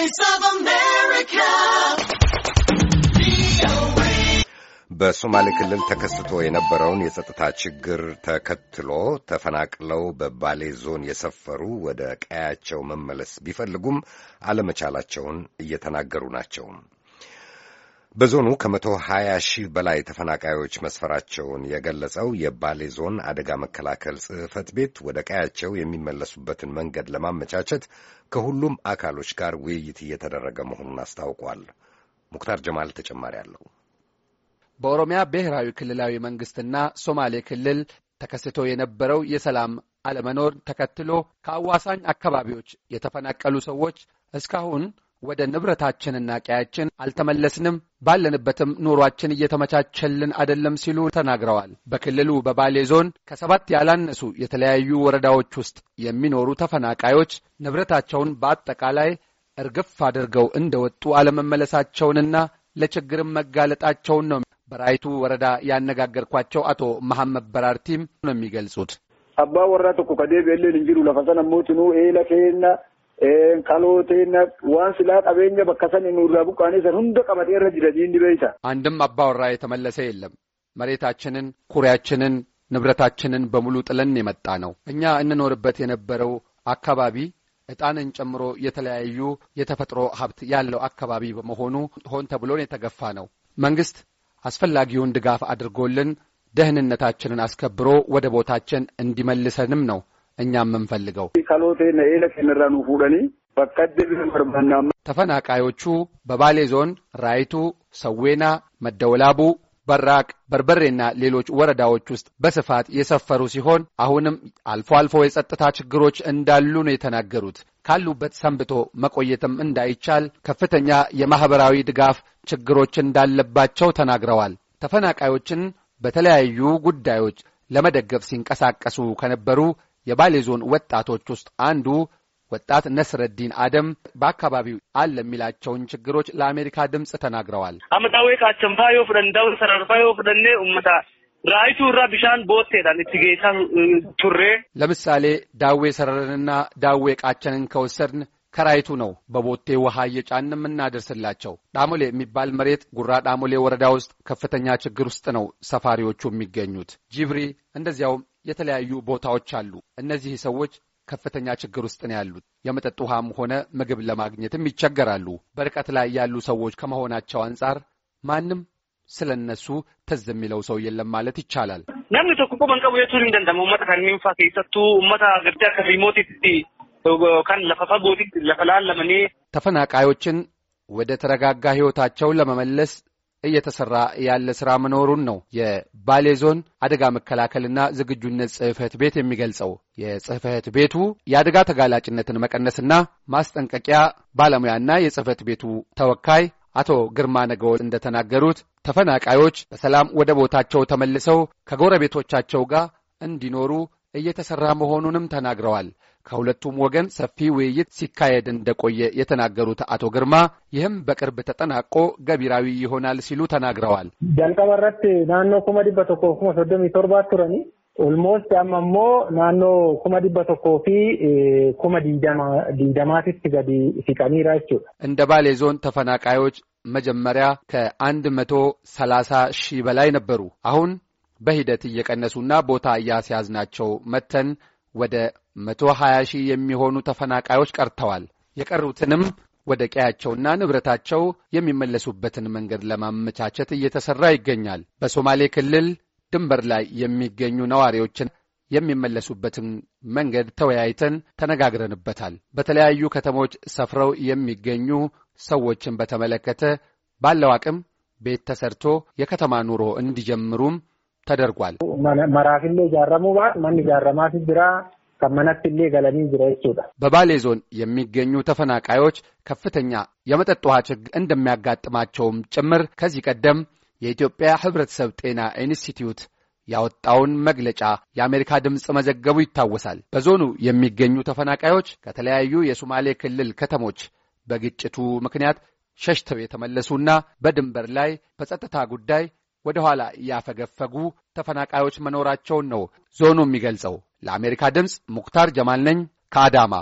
Voice of America. በሶማሌ ክልል ተከስቶ የነበረውን የጸጥታ ችግር ተከትሎ ተፈናቅለው በባሌ ዞን የሰፈሩ ወደ ቀያቸው መመለስ ቢፈልጉም አለመቻላቸውን እየተናገሩ ናቸው። በዞኑ ከመቶ ሀያ ሺህ በላይ ተፈናቃዮች መስፈራቸውን የገለጸው የባሌ ዞን አደጋ መከላከል ጽሕፈት ቤት ወደ ቀያቸው የሚመለሱበትን መንገድ ለማመቻቸት ከሁሉም አካሎች ጋር ውይይት እየተደረገ መሆኑን አስታውቋል። ሙክታር ጀማል ተጨማሪ አለው። በኦሮሚያ ብሔራዊ ክልላዊ መንግስትና ሶማሌ ክልል ተከስቶ የነበረው የሰላም አለመኖር ተከትሎ ከአዋሳኝ አካባቢዎች የተፈናቀሉ ሰዎች እስካሁን ወደ ንብረታችንና ቀያችን አልተመለስንም ባለንበትም ኑሯችን እየተመቻቸልን አይደለም ሲሉ ተናግረዋል። በክልሉ በባሌ ዞን ከሰባት ያላነሱ የተለያዩ ወረዳዎች ውስጥ የሚኖሩ ተፈናቃዮች ንብረታቸውን በአጠቃላይ እርግፍ አድርገው እንደወጡ አለመመለሳቸውንና ለችግርም መጋለጣቸውን ነው በራይቱ ወረዳ ያነጋገርኳቸው አቶ መሐመድ በራርቲም ነው የሚገልጹት። አባ ወራ ቶኮ ከዴ ቤሌን እንጅሩ ለፈሰነሞትኑ ኤለኬና ካልootiin ዋን ስላ qabeenya bakka ኑራ nurraa buqqaanesan ሁንደ ቀመጤ irra jira አንድም አባወራ የተመለሰ የለም። መሬታችንን ኩሪያችንን ንብረታችንን በሙሉ ጥለን የመጣ ነው። እኛ እንኖርበት የነበረው አካባቢ ዕጣንን ጨምሮ የተለያዩ የተፈጥሮ ሀብት ያለው አካባቢ በመሆኑ ሆን ተብሎን የተገፋ ነው። መንግሥት አስፈላጊውን ድጋፍ አድርጎልን ደህንነታችንን አስከብሮ ወደ ቦታችን እንዲመልሰንም ነው እኛ የምንፈልገው። ተፈናቃዮቹ በባሌ ዞን ራይቱ፣ ሰዌና፣ መደወላቡ በራቅ በርበሬና ሌሎች ወረዳዎች ውስጥ በስፋት የሰፈሩ ሲሆን አሁንም አልፎ አልፎ የጸጥታ ችግሮች እንዳሉ ነው የተናገሩት። ካሉበት ሰንብቶ መቆየትም እንዳይቻል ከፍተኛ የማኅበራዊ ድጋፍ ችግሮች እንዳለባቸው ተናግረዋል። ተፈናቃዮችን በተለያዩ ጉዳዮች ለመደገፍ ሲንቀሳቀሱ ከነበሩ የባሌ ዞን ወጣቶች ውስጥ አንዱ ወጣት ነስረዲን አደም በአካባቢው አለ የሚላቸውን ችግሮች ለአሜሪካ ድምፅ ተናግረዋል። አመታዊ ፍደንደው ሰራር ፋዮ ፍደኔ ኡመታ ራይቱ ራ ቢሻን ቦቴዳን እትጌታ ቱሬ ለምሳሌ ዳዌ ሰረርንና ዳዌ ቃቸንን ከወሰድን ከራይቱ ነው በቦቴ ውሃ እየጫን የምናደርስላቸው። ዳሞሌ የሚባል መሬት ጉራ ዳሞሌ ወረዳ ውስጥ ከፍተኛ ችግር ውስጥ ነው ሰፋሪዎቹ የሚገኙት። ጅብሪ እንደዚያውም የተለያዩ ቦታዎች አሉ። እነዚህ ሰዎች ከፍተኛ ችግር ውስጥ ነው ያሉት። የመጠጥ ውሃም ሆነ ምግብ ለማግኘትም ይቸገራሉ። በርቀት ላይ ያሉ ሰዎች ከመሆናቸው አንጻር ማንም ስለ እነሱ ትዝ የሚለው ሰው የለም ማለት ይቻላል። ናምኒ ቶኮ ቆ መንቀቡ የቱን እንደንደመ ኡመታ ከኒንፋ ከይሰቱ ኡመታ ገዳ ከሪሞቲቲ ካን ለፈፋ ጎቲ ለፈላል ለመኔ ተፈናቃዮችን ወደ ተረጋጋ ሕይወታቸው ለመመለስ እየተሰራ ያለ ስራ መኖሩን ነው የባሌ ዞን አደጋ መከላከልና ዝግጁነት ጽህፈት ቤት የሚገልጸው። የጽህፈት ቤቱ የአደጋ ተጋላጭነትን መቀነስና ማስጠንቀቂያ ባለሙያና የጽህፈት ቤቱ ተወካይ አቶ ግርማ ነገዎ እንደተናገሩት ተፈናቃዮች በሰላም ወደ ቦታቸው ተመልሰው ከጎረቤቶቻቸው ጋር እንዲኖሩ እየተሰራ መሆኑንም ተናግረዋል። ከሁለቱም ወገን ሰፊ ውይይት ሲካሄድ እንደቆየ የተናገሩት አቶ ግርማ ይህም በቅርብ ተጠናቆ ገቢራዊ ይሆናል ሲሉ ተናግረዋል። ጃልቀበረት ናኖ ኩመ ዲበ ቶኮ ኩመ ሶዶሚ ቶርባ ቱረኒ ኦልሞስት አማሞ ናኖ ኩመ ዲበ ቶኮ ፊ ኩመ ዲደማቲስ ገዲ ሲቀኒራ ይችው እንደ ባሌ ዞን ተፈናቃዮች መጀመሪያ ከአንድ መቶ ሰላሳ ሺህ በላይ ነበሩ። አሁን በሂደት እየቀነሱና ቦታ እያስያዝናቸው መተን ወደ መቶ ሀያ ሺህ የሚሆኑ ተፈናቃዮች ቀርተዋል። የቀሩትንም ወደ ቀያቸውና ንብረታቸው የሚመለሱበትን መንገድ ለማመቻቸት እየተሠራ ይገኛል። በሶማሌ ክልል ድንበር ላይ የሚገኙ ነዋሪዎችን የሚመለሱበትን መንገድ ተወያይተን ተነጋግረንበታል። በተለያዩ ከተሞች ሰፍረው የሚገኙ ሰዎችን በተመለከተ ባለው አቅም ቤት ተሰርቶ የከተማ ኑሮ እንዲጀምሩም ተደርጓል። መራፊሌ ጃረሙ ባት ማን ጃረማፊ ጅራ ከመነትሌ ገለኒ ጅራ በባሌ ዞን የሚገኙ ተፈናቃዮች ከፍተኛ የመጠጥ ውሃ ችግር እንደሚያጋጥማቸውም ጭምር ከዚህ ቀደም የኢትዮጵያ ሕብረተሰብ ጤና ኢንስቲትዩት ያወጣውን መግለጫ የአሜሪካ ድምፅ መዘገቡ ይታወሳል። በዞኑ የሚገኙ ተፈናቃዮች ከተለያዩ የሶማሌ ክልል ከተሞች በግጭቱ ምክንያት ሸሽተው የተመለሱና በድንበር ላይ በጸጥታ ጉዳይ ወደ ኋላ እያፈገፈጉ ተፈናቃዮች መኖራቸውን ነው ዞኑ የሚገልጸው። ለአሜሪካ ድምፅ ሙክታር ጀማል ነኝ ከአዳማ።